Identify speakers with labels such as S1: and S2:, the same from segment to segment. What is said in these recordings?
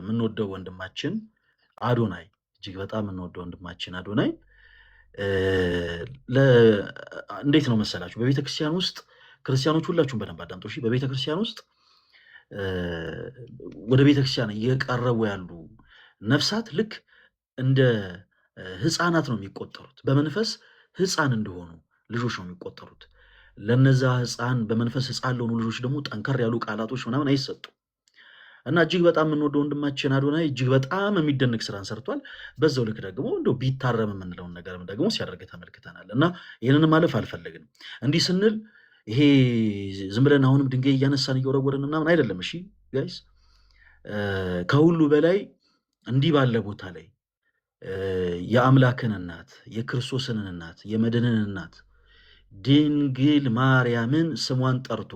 S1: የምንወደው ወንድማችን አዶናይ እጅግ በጣም የምንወደው ወንድማችን አዶናይ እንዴት ነው መሰላችሁ፣ በቤተክርስቲያን ውስጥ ክርስቲያኖች ሁላችሁም በደንብ አዳምጦ በቤተክርስቲያን ውስጥ ወደ ቤተክርስቲያን እየቀረቡ ያሉ ነፍሳት ልክ እንደ ህፃናት ነው የሚቆጠሩት። በመንፈስ ህፃን እንደሆኑ ልጆች ነው የሚቆጠሩት። ለነዛ ህፃን በመንፈስ ህፃን ለሆኑ ልጆች ደግሞ ጠንከር ያሉ ቃላቶች ምናምን አይሰጡም። እና እጅግ በጣም የምንወደው ወንድማችን አዶናይ እጅግ በጣም የሚደንቅ ስራን ሰርቷል። በዛው ልክ ደግሞ እንደ ቢታረም የምንለውን ነገርም ደግሞ ሲያደርግ ተመልክተናል። እና ይህንን ማለፍ አልፈለግንም። እንዲህ ስንል ይሄ ዝም ብለን አሁንም ድንጋይ እያነሳን እየወረወርን ምናምን አይደለም። እሺ ጋይስ፣ ከሁሉ በላይ እንዲህ ባለ ቦታ ላይ የአምላክን እናት የክርስቶስን እናት የመድንን እናት ድንግል ማርያምን ስሟን ጠርቶ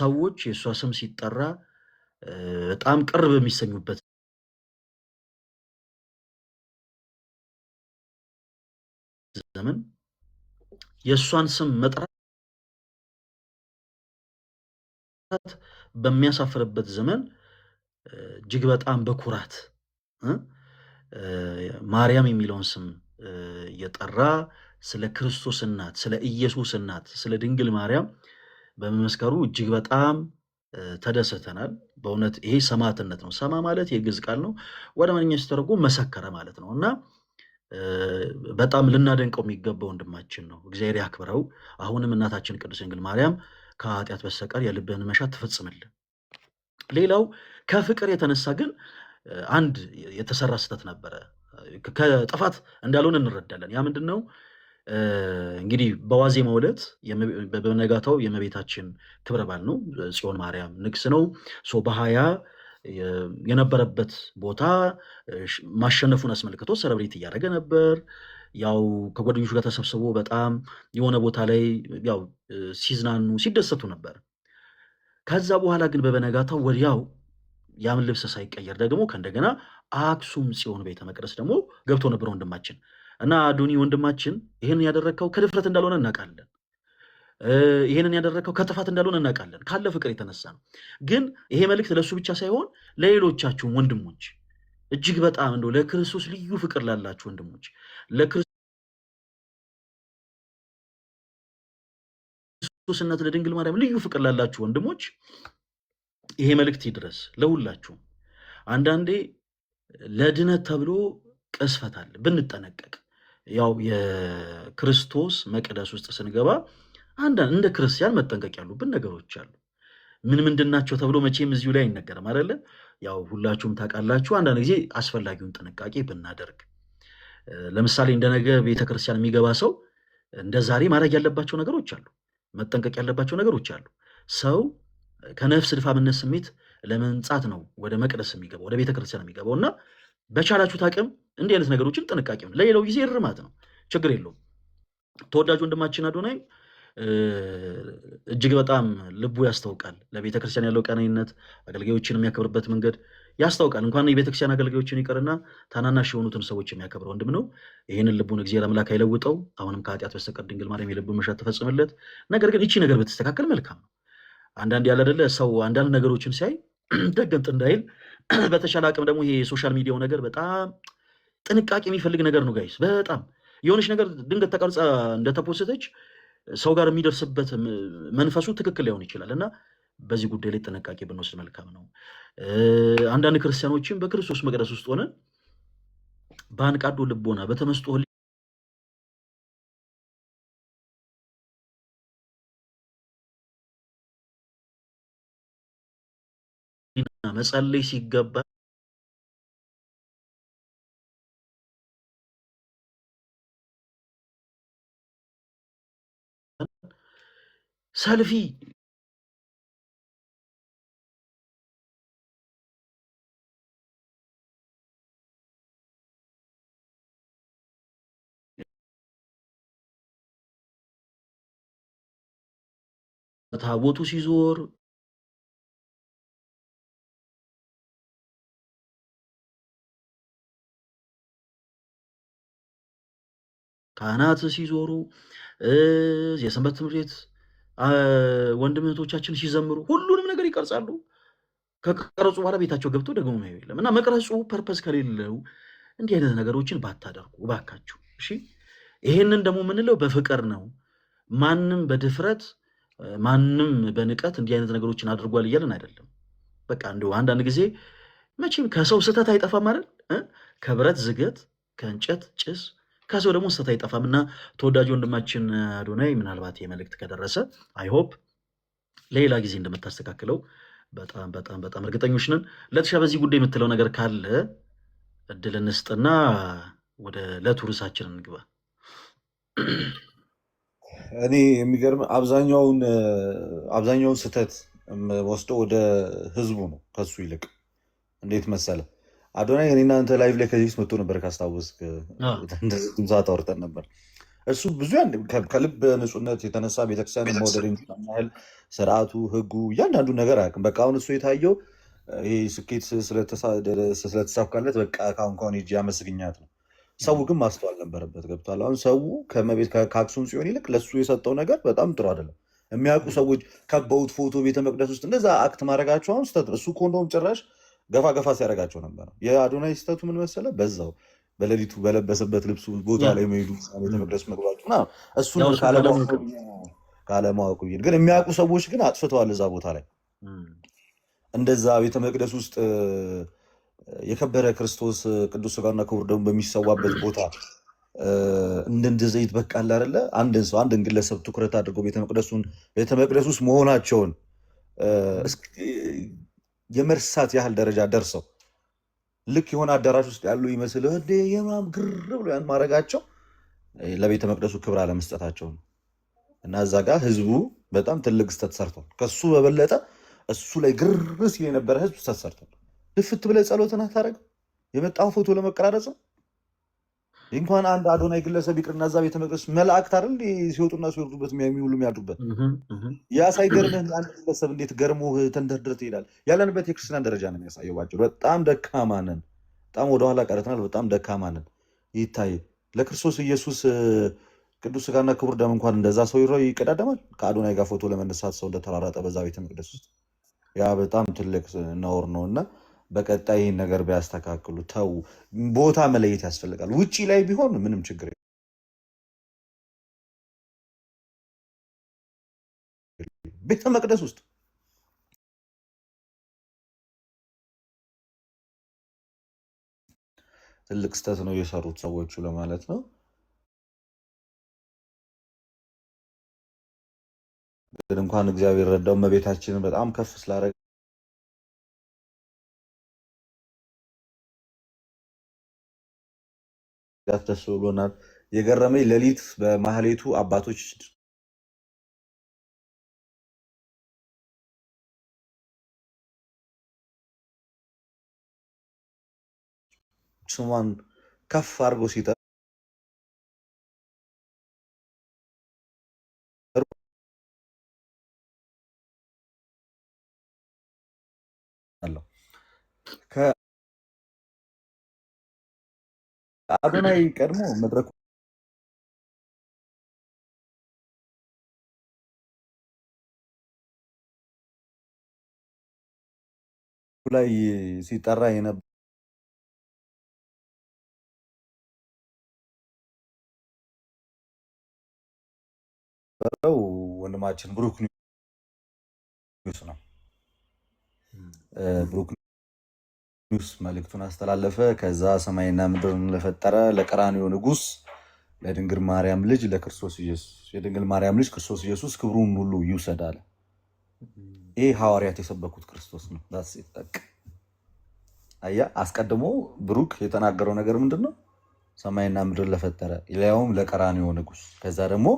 S1: ሰዎች የእሷ ስም ሲጠራ በጣም ቅርብ የሚሰኙበት ዘመን የእሷን ስም መጥራት በሚያሳፍርበት ዘመን እጅግ በጣም በኩራት ማርያም የሚለውን ስም እየጠራ ስለ ክርስቶስ እናት፣ ስለ ኢየሱስ እናት፣ ስለ ድንግል ማርያም በመመስከሩ እጅግ በጣም ተደሰተናል። በእውነት ይሄ ሰማዕትነት ነው። ሰማ ማለት የግዕዝ ቃል ነው። ወደ አማርኛ ሲተረጎም መሰከረ ማለት ነው እና በጣም ልናደንቀው የሚገባ ወንድማችን ነው። እግዚአብሔር ያክብረው። አሁንም እናታችን ቅድስት ድንግል ማርያም ከኃጢአት በስተቀር የልብህን መሻት ትፈጽምልን። ሌላው ከፍቅር የተነሳ ግን አንድ የተሰራ ስህተት ነበረ። ከጥፋት እንዳልሆነ እንረዳለን። ያ ምንድን ነው? እንግዲህ በዋዜ ዕለት በነጋታው የመቤታችን ክብረ በዓል ነው። ጽዮን ማርያም ንግስ ነው። በሀያ የነበረበት ቦታ ማሸነፉን አስመልክቶ ሰረብሬት እያደረገ ነበር። ያው ከጓደኞቹ ጋር ተሰብስቦ በጣም የሆነ ቦታ ላይ ያው ሲዝናኑ ሲደሰቱ ነበር። ከዛ በኋላ ግን በበነጋታው ወዲያው ያምን ልብስ ሳይቀየር ደግሞ ከእንደገና አክሱም ጽዮን ቤተ መቅደስ ደግሞ ገብቶ ነበር ወንድማችን እና አዱኒ ወንድማችን ይህንን ያደረግከው ከድፍረት እንዳልሆነ እናውቃለን። ይህንን ያደረግከው ከጥፋት እንዳልሆነ እናውቃለን። ካለ ፍቅር የተነሳ ነው። ግን ይሄ መልእክት ለእሱ ብቻ ሳይሆን ለሌሎቻችሁም ወንድሞች እጅግ በጣም እንደው ለክርስቶስ ልዩ ፍቅር ላላችሁ ወንድሞች ለክርስቶስነት ለድንግል ማርያም ልዩ ፍቅር ላላችሁ ወንድሞች ይሄ መልእክት ይድረስ ለሁላችሁም። አንዳንዴ ለድነት ተብሎ ቅስፈት አለ ብንጠነቀቅ። ያው የክርስቶስ መቅደስ ውስጥ ስንገባ አንዳንድ እንደ ክርስቲያን መጠንቀቅ ያሉብን ነገሮች አሉ። ምን ምንድን ናቸው ተብሎ መቼም እዚሁ ላይ አይነገርም አይደለ? ያው ሁላችሁም ታውቃላችሁ። አንዳንድ ጊዜ አስፈላጊውን ጥንቃቄ ብናደርግ፣ ለምሳሌ እንደነገ ቤተክርስቲያን የሚገባ ሰው እንደ ዛሬ ማድረግ ያለባቸው ነገሮች አሉ፣ መጠንቀቅ ያለባቸው ነገሮች አሉ። ሰው ከነፍስ ድፋምነት ስሜት ለመንጻት ነው ወደ መቅደስ የሚገባው ወደ ክርስቲያን የሚገባው እና በቻላችሁት አቅም እንዲህ አይነት ነገሮችን ጥንቃቄ ነው። ለሌላው ጊዜ እርማት ነው፣ ችግር የለውም። ተወዳጅ ወንድማችን አዶናይ እጅግ በጣም ልቡ ያስታውቃል። ለቤተክርስቲያን ያለው ቀናይነት፣ አገልጋዮችን የሚያከብርበት መንገድ ያስታውቃል። እንኳን ክርስቲያን አገልጋዮችን ይቀርና ታናናሽ የሆኑትን ሰዎች የሚያከብር ወንድም ነው። ይህንን ልቡን እግዚአብሔር አምላክ አይለውጠው። አሁንም ከኃጢአት በስተቀር ድንግል ማርያም የልቡን መሻት ተፈጽምለት። ነገር ግን እቺ ነገር ብትስተካከል መልካም ነው። አንዳንድ ያለ አይደለ ሰው አንዳንድ ነገሮችን ሲያይ ደገምጥ እንዳይል በተሻለ አቅም ደግሞ ይሄ የሶሻል ሚዲያው ነገር በጣም ጥንቃቄ የሚፈልግ ነገር ነው ጋይስ። በጣም የሆነች ነገር ድንገት ተቀርጻ እንደተፖስተች ሰው ጋር የሚደርስበት መንፈሱ ትክክል ላይሆን ይችላል እና በዚህ ጉዳይ ላይ ጥንቃቄ ብንወስድ መልካም ነው። አንዳንድ ክርስቲያኖችም በክርስቶስ መቅደስ ውስጥ ሆነ በአንቃዶ ልቦና በተመስጦ መጸለይ ሲገባ ሰልፊ ታቦቱ ሲዞር ካህናት ሲዞሩ፣ የሰንበት ትምህርት ቤት ወንድም እህቶቻችን ሲዘምሩ ሁሉንም ነገር ይቀርጻሉ። ከቀረጹ በኋላ ቤታቸው ገብቶ ደግሞ ማየው የለም እና መቅረጹ ፐርፐስ ከሌለው እንዲህ አይነት ነገሮችን ባታደርጉ እባካችሁ። እሺ፣ ይሄንን ደግሞ የምንለው በፍቅር ነው። ማንም በድፍረት ማንም በንቀት እንዲህ አይነት ነገሮችን አድርጓል እያለን አይደለም። በቃ እንዲሁ አንዳንድ ጊዜ መቼም ከሰው ስህተት አይጠፋም አይደል? ከብረት ዝገት፣ ከእንጨት ጭስ ከሰው ደግሞ ስህተት አይጠፋም እና ተወዳጅ ወንድማችን አዶናይ ምናልባት የመልእክት ከደረሰ አይሆፕ ለሌላ ጊዜ እንደምታስተካክለው በጣም በጣም በጣም እርግጠኞች ነን። ለተሻ በዚህ ጉዳይ የምትለው ነገር ካለ እድል እንስጥና ወደ ለቱርሳችን እንግባ። እኔ የሚገርም አብዛኛውን አብዛኛውን ስህተት ወስዶ ወደ ህዝቡ ነው ከሱ ይልቅ እንዴት መሰለ አዶናይ እኔና አንተ ላይቭ ላይ ከዚህ መጥቶ ነበር ካስታወስክ፣ ሰዓት አውርተን ነበር። እሱ ብዙ ከልብ ንጹህነት የተነሳ ቤተክርስቲያን መውደድ ያህል ስርዓቱ፣ ህጉ፣ እያንዳንዱ ነገር አያውቅም። በቃ አሁን እሱ የታየው ይህ ስኬት ስለተሳካለት በቃ ካሁን ካሁን ሄጄ አመስግኛት ነው። ሰው ግን ማስተዋል ነበረበት። ገብቷል። አሁን ሰው ከመቤት ከአክሱም ጽዮን ይልቅ ለሱ የሰጠው ነገር በጣም ጥሩ አይደለም። የሚያውቁ ሰዎች ከበውት ፎቶ ቤተ መቅደስ ውስጥ እንደዛ አክት ማድረጋቸው አሁን ስህተት ነው። እሱ እኮ ጭራሽ ገፋ ገፋ ሲያደርጋቸው ነበር። የአዶናይ ስህተቱ ምን መሰለ? በዛው በሌሊቱ በለበሰበት ልብሱ ቦታ ላይ መሄዱ ቤተመቅደስ መቅደስ መግባቱ እሱን ካለማወቁ ግን የሚያውቁ ሰዎች ግን አጥፍተዋል። እዛ ቦታ ላይ እንደዛ ቤተመቅደስ ውስጥ የከበረ ክርስቶስ ቅዱስ ሥጋውና ክቡር ደግሞ በሚሰዋበት ቦታ እንደንድ ዘይት በቃል አለ አንድን ሰው አንድን ግለሰብ ትኩረት አድርገው ቤተመቅደሱን ቤተመቅደስ ውስጥ መሆናቸውን የመርሳት ያህል ደረጃ ደርሰው ልክ የሆነ አዳራሽ ውስጥ ያሉ ይመስል የማም ግር ብሎ ያን ማድረጋቸው ለቤተ መቅደሱ ክብር አለመስጠታቸው ነው። እና እዛ ጋር ህዝቡ በጣም ትልቅ ስተት ሰርቷል። ከሱ በበለጠ እሱ ላይ ግር ሲል የነበረ ህዝብ ስተት ሰርቷል። ልፍት ብለህ ጸሎትን አታደርግም? የመጣው ፎቶ ለመቀራረጽ ነው። እንኳን አንድ አዶናይ ግለሰብ ይቅርና እዛ ቤተ መቅደስ መላእክት አይደል ሲወጡና ሲወርዱበት የሚውሉ የሚያድሩበት። ያ ሳይገርምህ አንድ ግለሰብ እንዴት ገርሞህ ተንደርድረህ ትሄዳል። ያለንበት የክርስቲያን ደረጃ ነው የሚያሳየው። ባጭሩ በጣም ደካማ ነን፣ በጣም ወደኋላ ቀርተናል፣ በጣም ደካማ ነን። ይታይ ለክርስቶስ ኢየሱስ ቅዱስ ስጋና ክቡር ደም እንኳን እንደዛ ሰው ይሮ ይቀዳደማል። ከአዶናይ ጋር ፎቶ ለመነሳት ሰው እንደተራራጠ በዛ ቤተ መቅደስ ውስጥ ያ በጣም ትልቅ ነውር ነው እና በቀጣይ ይህን ነገር ቢያስተካክሉ። ተው ቦታ መለየት ያስፈልጋል። ውጪ ላይ ቢሆን ምንም ችግር ቤተ መቅደስ ውስጥ ትልቅ ስተት ነው የሰሩት ሰዎቹ ለማለት ነው። ግን እንኳን እግዚአብሔር ረዳው እመቤታችንን በጣም ከፍ ስላደረገ ጋር ብሎናል። የገረመኝ ሌሊት በማህሌቱ አባቶች ስሟን ከፍ አድርጎ ሲጠ አዶናይ ቀድሞ መድረኩ ላይ ሲጠራ የነበረው ወንድማችን ብሩክ ኒውስ ነው። ብሩክ ንጉስ መልእክቱን አስተላለፈ። ከዛ ሰማይና ምድርን ለፈጠረ ለቀራኒዮ ንጉስ ለድንግል ማርያም ልጅ ለክርስቶስ ኢየሱስ የድንግል ማርያም ልጅ ክርስቶስ ኢየሱስ ክብሩን ሁሉ ይውሰድ አለ። ይህ ሐዋርያት የሰበኩት ክርስቶስ ነው። ዳስ ይጠቅ አያ አስቀድሞ ብሩክ የተናገረው ነገር ምንድን ነው? ሰማይና ምድርን ለፈጠረ ሊያውም ለቀራኒዮ ንጉስ። ከዛ ደግሞ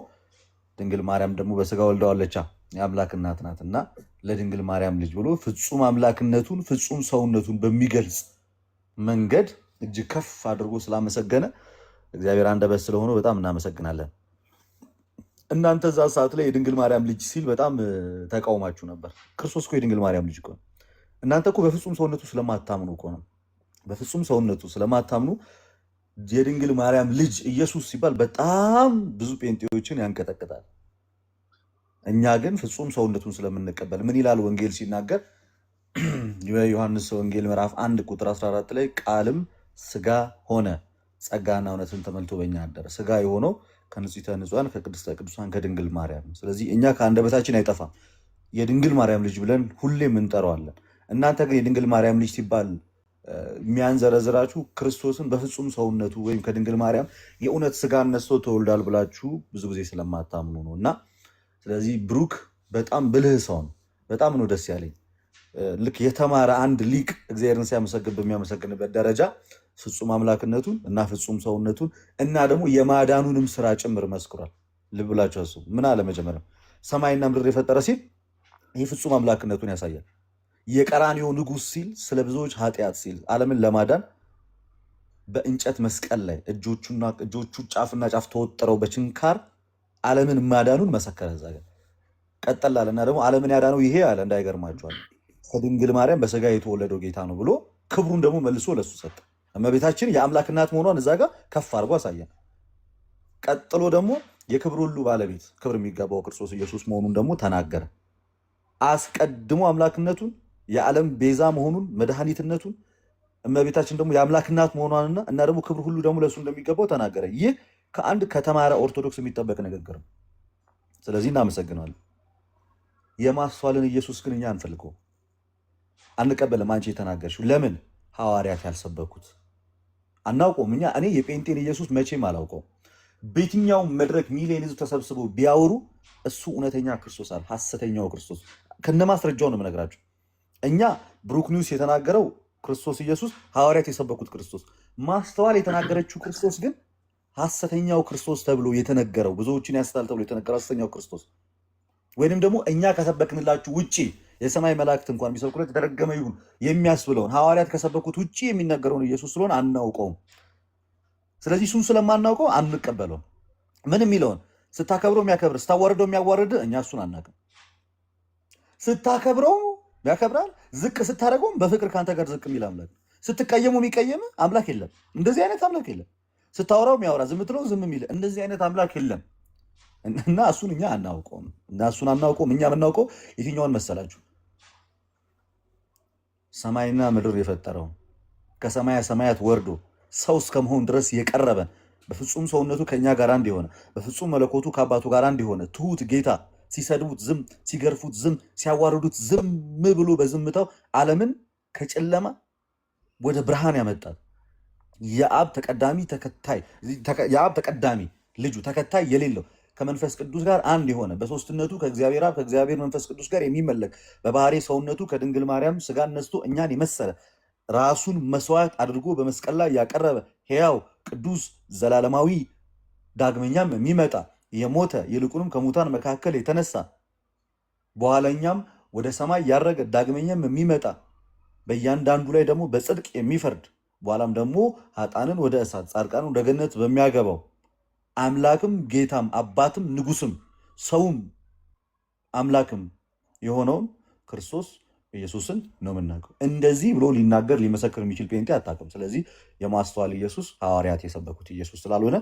S1: ድንግል ማርያም ደግሞ በስጋ ወልደዋለቻ የአምላክ እናት ናት እና ለድንግል ማርያም ልጅ ብሎ ፍጹም አምላክነቱን ፍጹም ሰውነቱን በሚገልጽ መንገድ እጅግ ከፍ አድርጎ ስላመሰገነ እግዚአብሔር አንደበት ስለሆነ በጣም እናመሰግናለን። እናንተ እዛ ሰዓት ላይ የድንግል ማርያም ልጅ ሲል በጣም ተቃውማችሁ ነበር። ክርስቶስ እኮ የድንግል ማርያም ልጅ እኮ ነው። እናንተ እኮ በፍጹም ሰውነቱ ስለማታምኑ እኮ ነው። በፍጹም ሰውነቱ ስለማታምኑ የድንግል ማርያም ልጅ ኢየሱስ ሲባል በጣም ብዙ ጴንጤዎችን ያንቀጠቅጣል። እኛ ግን ፍጹም ሰውነቱን ስለምንቀበል ምን ይላል ወንጌል ሲናገር የዮሐንስ ወንጌል ምዕራፍ አንድ ቁጥር 14 ላይ ቃልም ስጋ ሆነ ጸጋና እውነትን ተመልቶ በኛ አደረ። ስጋ የሆነው ከንጽሕተ ንጹሐን ከቅድስተ ቅዱሳን ከድንግል ማርያም። ስለዚህ እኛ ከአንደበታችን አይጠፋም የድንግል ማርያም ልጅ ብለን ሁሌም እንጠራዋለን። እናንተ ግን የድንግል ማርያም ልጅ ሲባል የሚያንዘረዝራችሁ ክርስቶስን በፍጹም ሰውነቱ ወይም ከድንግል ማርያም የእውነት ስጋ ነስቶ ተወልዷል ብላችሁ ብዙ ጊዜ ስለማታምኑ ነው እና ስለዚህ ብሩክ በጣም ብልህ ሰው ነው። በጣም ነው ደስ ያለኝ። ልክ የተማረ አንድ ሊቅ እግዚአብሔርን ሲያመሰግን በሚያመሰግንበት ደረጃ ፍጹም አምላክነቱን እና ፍጹም ሰውነቱን እና ደግሞ የማዳኑንም ስራ ጭምር መስክሯል። ልብላቸው ብላችሁ ምን አለ መጀመሪያ ሰማይና ምድር የፈጠረ ሲል ይህ ፍጹም አምላክነቱን ያሳያል። የቀራንዮ ንጉሥ ሲል ስለ ብዙዎች ኃጢአት ሲል ዓለምን ለማዳን በእንጨት መስቀል ላይ እጆቹና እጆቹ ጫፍና ጫፍ ተወጥረው በችንካር ዓለምን ማዳኑን መሰከረ። እዛ ግን ቀጠል አለና ደግሞ ዓለምን ያዳነው ይሄ አለ እንዳይገርማቸዋል ከድንግል ማርያም በስጋ የተወለደው ጌታ ነው ብሎ ክብሩን ደግሞ መልሶ ለሱ ሰጠ። እመቤታችን የአምላክ እናት መሆኗን እዛ ጋር ከፍ አድርጎ አሳየን። ቀጥሎ ደግሞ የክብር ሁሉ ባለቤት ክብር የሚገባው ክርስቶስ ኢየሱስ መሆኑን ደግሞ ተናገረ። አስቀድሞ አምላክነቱን የዓለም ቤዛ መሆኑን መድኃኒትነቱን እመቤታችን ደግሞ የአምላክ እናት መሆኗንና እና ደግሞ ክብር ሁሉ ደግሞ ለእሱ እንደሚገባው ተናገረ። ይህ ከአንድ ከተማረ ኦርቶዶክስ የሚጠበቅ ንግግር ነው። ስለዚህ እናመሰግናለን። የማስዋልን ኢየሱስ ግን እኛ አንፈልገው፣ አንቀበልም። አንቺ የተናገርሽው ለምን ሐዋርያት ያልሰበኩት አናውቀውም። እኛ እኔ የጴንጤን ኢየሱስ መቼም አላውቀው። በየትኛው መድረክ ሚሊዮን ህዝብ ተሰብስቦ ቢያወሩ እሱ እውነተኛ ክርስቶስ አለ፣ ሐሰተኛው ክርስቶስ ከነ ማስረጃው ነው የምነግራቸው። እኛ ብሩክ ኒውስ የተናገረው ክርስቶስ ኢየሱስ፣ ሐዋርያት የሰበኩት ክርስቶስ፣ ማስተዋል የተናገረችው ክርስቶስ ግን ሐሰተኛው ክርስቶስ ተብሎ የተነገረው ብዙዎችን ያስታል ተብሎ የተነገረው ሐሰተኛው ክርስቶስ ወይንም ደግሞ እኛ ከሰበክንላችሁ ውጪ የሰማይ መላእክት እንኳን ቢሰብኩለት የተረገመ ይሁን የሚያስብለውን ሐዋርያት ከሰበኩት ውጪ የሚነገረውን ኢየሱስ ስለሆን አናውቀውም። ስለዚህ እሱን ስለማናውቀው አንቀበለውም። ምን የሚለውን ስታከብረው የሚያከብር ስታዋርደው የሚያዋርድ እኛ እሱን አናውቅም። ስታከብረው ያከብራል፣ ዝቅ ስታደርገውም በፍቅር ከአንተ ጋር ዝቅ የሚል አምላክ፣ ስትቀየሙ የሚቀየም አምላክ የለም። እንደዚህ አይነት አምላክ የለም። ስታወራው የሚያወራ ዝም ትለው ዝም የሚል እንደዚህ አይነት አምላክ የለም። እና እሱን እኛ አናውቀውም እና እሱን አናውቀውም። እኛ የምናውቀው የትኛውን መሰላችሁ? ሰማይና ምድር የፈጠረውን ከሰማያ ሰማያት ወርዶ ሰው እስከመሆን ድረስ የቀረበን በፍጹም ሰውነቱ ከእኛ ጋር አንድ የሆነ በፍጹም መለኮቱ ከአባቱ ጋር አንድ የሆነ ትሁት ጌታ ሲሰድቡት ዝም፣ ሲገርፉት ዝም፣ ሲያዋርዱት ዝም ብሎ በዝምታው ዓለምን ከጨለማ ወደ ብርሃን ያመጣል። የአብ ተቀዳሚ ተከታይ የአብ ተቀዳሚ ልጁ ተከታይ የሌለው ከመንፈስ ቅዱስ ጋር አንድ የሆነ በሶስትነቱ ከእግዚአብሔር አብ ከእግዚአብሔር መንፈስ ቅዱስ ጋር የሚመለክ በባህሪ ሰውነቱ ከድንግል ማርያም ስጋ ነስቶ እኛን የመሰለ ራሱን መስዋዕት አድርጎ በመስቀል ላይ ያቀረበ ሕያው ቅዱስ ዘላለማዊ ዳግመኛም የሚመጣ የሞተ ይልቁንም ከሙታን መካከል የተነሳ በኋለኛም ወደ ሰማይ ያረገ ዳግመኛም የሚመጣ በእያንዳንዱ ላይ ደግሞ በጽድቅ የሚፈርድ በኋላም ደግሞ ሀጣንን ወደ እሳት ጻድቃን ወደ ገነት በሚያገባው አምላክም ጌታም አባትም ንጉስም ሰውም አምላክም የሆነውን ክርስቶስ ኢየሱስን ነው የምናውቀው። እንደዚህ ብሎ ሊናገር ሊመሰክር የሚችል ጴንጤ አታውቅም። ስለዚህ የማስተዋል ኢየሱስ ሐዋርያት የሰበኩት ኢየሱስ ስላልሆነ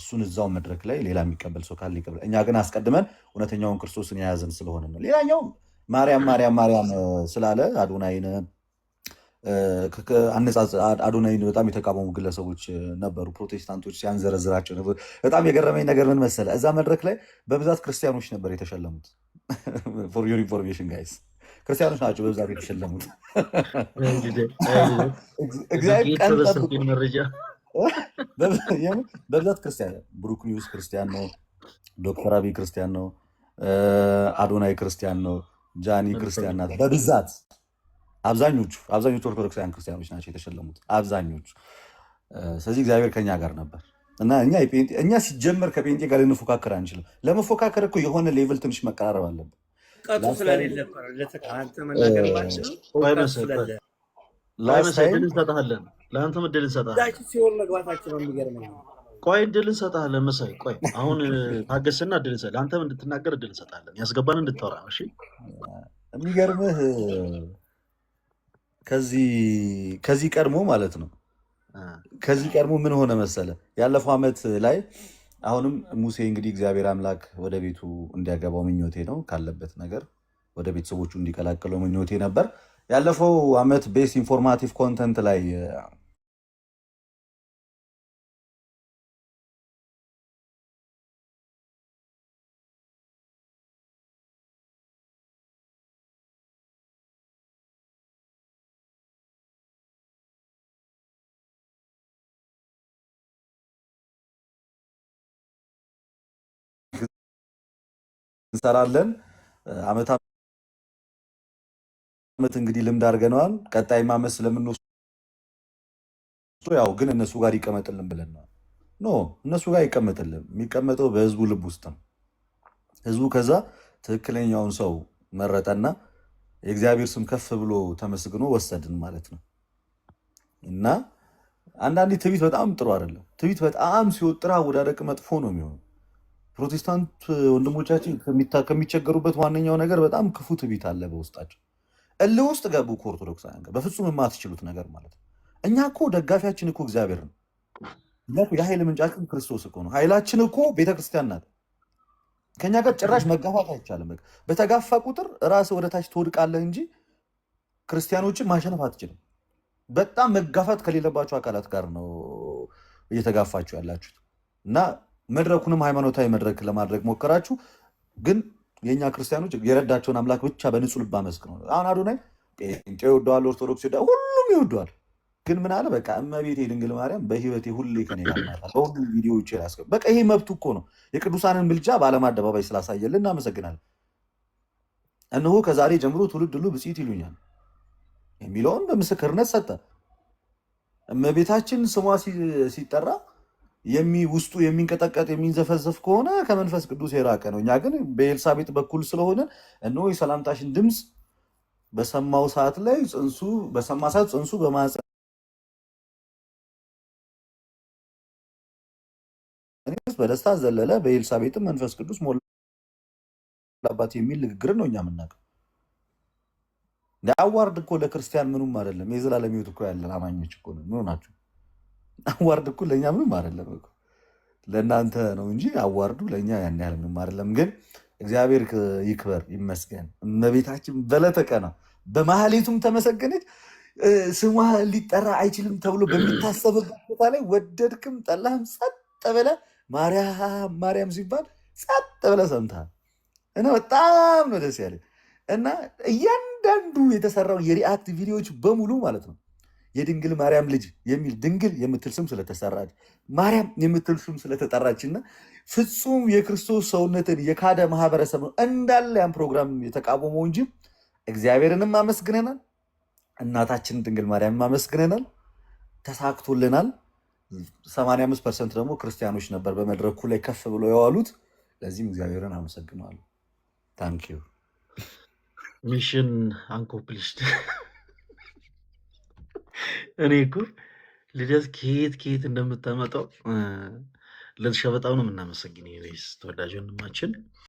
S1: እሱን እዛው መድረክ ላይ ሌላ የሚቀበል ሰው ካለ ይቀበል። እኛ ግን አስቀድመን እውነተኛውን ክርስቶስን የያዘን ስለሆነ ነው። ሌላኛው ማርያም ማርያም ማርያም ስላለ አዶናይን አነጻጽ አዶናይን በጣም የተቃወሙ ግለሰቦች ነበሩ። ፕሮቴስታንቶች ሲያንዘረዝራቸው ነበር። በጣም የገረመኝ ነገር ምን መሰለ? እዛ መድረክ ላይ በብዛት ክርስቲያኖች ነበር የተሸለሙት። ፎር ዮር ኢንፎርሜሽን ጋይስ ክርስቲያኖች ናቸው በብዛት የተሸለሙት። በብዛት ክርስቲያን ብሩክ ኒውስ ክርስቲያን ነው፣ ዶክተር አብይ ክርስቲያን ነው፣ አዶናይ ክርስቲያን ነው፣ ጃኒ ክርስቲያን ናት በብዛት አብዛኞቹ አብዛኞቹ ኦርቶዶክሳውያን ክርስቲያኖች ናቸው የተሸለሙት አብዛኞቹ። ስለዚህ እግዚአብሔር ከኛ ጋር ነበር እና እኛ እኛ ሲጀመር ከጴንጤ ጋር ልንፎካከር አንችልም። ለመፎካከር እኮ የሆነ ሌቭል ትንሽ መቀራረብ አለብን። ቆይ እድል እንሰጣለን መሳይ ቆይ አሁን ታገስና እድል እንሰጣለን። አንተም እንድትናገር እድል እንሰጣለን። ያስገባን እንድታወራ እሺ። የሚገርምህ ከዚህ ቀድሞ ማለት ነው። ከዚህ ቀድሞ ምን ሆነ መሰለ፣ ያለፈው ዓመት ላይ አሁንም ሙሴ እንግዲህ እግዚአብሔር አምላክ ወደ ቤቱ እንዲያገባው ምኞቴ ነው፣ ካለበት ነገር ወደ ቤተሰቦቹ እንዲቀላቀለው ምኞቴ ነበር። ያለፈው ዓመት ቤስ ኢንፎርማቲቭ ኮንተንት ላይ እንሰራለን። አመት አመት እንግዲህ ልምድ አድርገነዋል። ቀጣይ ማመት ስለምንወስ ያው ግን እነሱ ጋር ይቀመጥልን ብለን ነው። ኖ እነሱ ጋር ይቀመጥልን፣ የሚቀመጠው በህዝቡ ልብ ውስጥ ነው። ህዝቡ ከዛ ትክክለኛውን ሰው መረጠና የእግዚአብሔር ስም ከፍ ብሎ ተመስግኖ ወሰድን ማለት ነው እና አንዳንዴ ትቢት በጣም ጥሩ አይደለም። ትቢት በጣም ሲወጥራ ወዳደቅ መጥፎ ነው የሚሆነው። ፕሮቴስታንት ወንድሞቻችን ከሚቸገሩበት ዋነኛው ነገር በጣም ክፉ ትቢት አለ በውስጣቸው። እልህ ውስጥ ገቡ እኮ ጋር በፍጹም የማትችሉት ነገር ማለት ነው። እኛ እኮ ደጋፊያችን እኮ እግዚአብሔር ነው። የኃይል ምንጫችን ክርስቶስ እኮ ነው። ኃይላችን እኮ ቤተክርስቲያን ናት። ከእኛ ጋር ጭራሽ መጋፋት አይቻልም። በተጋፋ ቁጥር ራስ ወደ ታች ትወድቃለህ እንጂ ክርስቲያኖችን ማሸነፍ አትችልም። በጣም መጋፋት ከሌለባቸው አካላት ጋር ነው እየተጋፋችሁ ያላችሁት እና መድረኩንም ሃይማኖታዊ መድረክ ለማድረግ ሞከራችሁ። ግን የእኛ ክርስቲያኖች የረዳቸውን አምላክ ብቻ በንጹህ ልብ ነው። አሁን አዶናይ ጴንጤ ይወደዋል፣ ኦርቶዶክስ ይወደዋል፣ ሁሉም ይወደዋል። ግን ምን አለ በቃ እመቤቴ ድንግል ማርያም በህይወቴ ሁሌ ከኔ ጋር በሁሉ ቪዲዮዎች ያስ በቃ ይሄ መብቱ እኮ ነው። የቅዱሳንን ምልጃ በዓለም አደባባይ ስላሳየልን እናመሰግናለን። እነሆ ከዛሬ ጀምሮ ትውልድ ሁሉ ብፅዕት ይሉኛል የሚለውን በምስክርነት ሰጠ። እመቤታችን ስሟ ሲጠራ ውስጡ የሚንቀጠቀጥ የሚንዘፈዘፍ ከሆነ ከመንፈስ ቅዱስ የራቀ ነው። እኛ ግን በኤልሳቤጥ በኩል ስለሆነ እነሆ የሰላምታሽን ድምፅ በሰማው ሰዓት ላይ ጽንሱ በሰማ ሰዓት ጽንሱ በማህፀን በደስታ ዘለለ፣ በኤልሳቤጥም መንፈስ ቅዱስ ሞላባት የሚል ንግግር ነው እኛ የምናውቀው። አዋርድ እኮ ለክርስቲያን ምኑም አይደለም። የዘላለም ሕይወት እኮ ያለን አማኞች እኮ ነው ናቸው። አዋርድ እኮ ለእኛ ምንም አይደለም እኮ ለእናንተ ነው እንጂ አዋርዱ ለእኛ ያን ያህል ምንም አይደለም። ግን እግዚአብሔር ይክበር ይመስገን። እመቤታችን በዕለተ በማህሌቱም ተመሰገነች። ስሟ ሊጠራ አይችልም ተብሎ በሚታሰብበት ቦታ ላይ ወደድክም ጠላህም ጸጥ ብለህ ማርያም ማርያም ሲባል ጸጥ ብለህ ሰምተሃል እና በጣም ነው ደስ ያለ እና እያንዳንዱ የተሰራው የሪአክት ቪዲዮዎች በሙሉ ማለት ነው የድንግል ማርያም ልጅ የሚል ድንግል የምትል ስም ስለተሰራች ማርያም የምትል ስም ስለተጠራችና ፍጹም የክርስቶስ ሰውነትን የካደ ማህበረሰብ ነው እንዳለ ያን ፕሮግራም የተቃወመው እንጂ እግዚአብሔርንም አመስግነናል። እናታችንን ድንግል ማርያም አመስግነናል። ተሳክቶልናል። 85 ፐርሰንት ደግሞ ክርስቲያኖች ነበር በመድረኩ ላይ ከፍ ብሎ የዋሉት። ለዚህም እግዚአብሔርን አመሰግነዋለሁ። ታንኪዩ ሚሽን አንኮምፕሊሽድ እኔ እኮ ልደት ከየት ከየት እንደምታመጣው ልደት ሻ በጣም ነው የምናመሰግን ተወዳጅ ወንድማችን።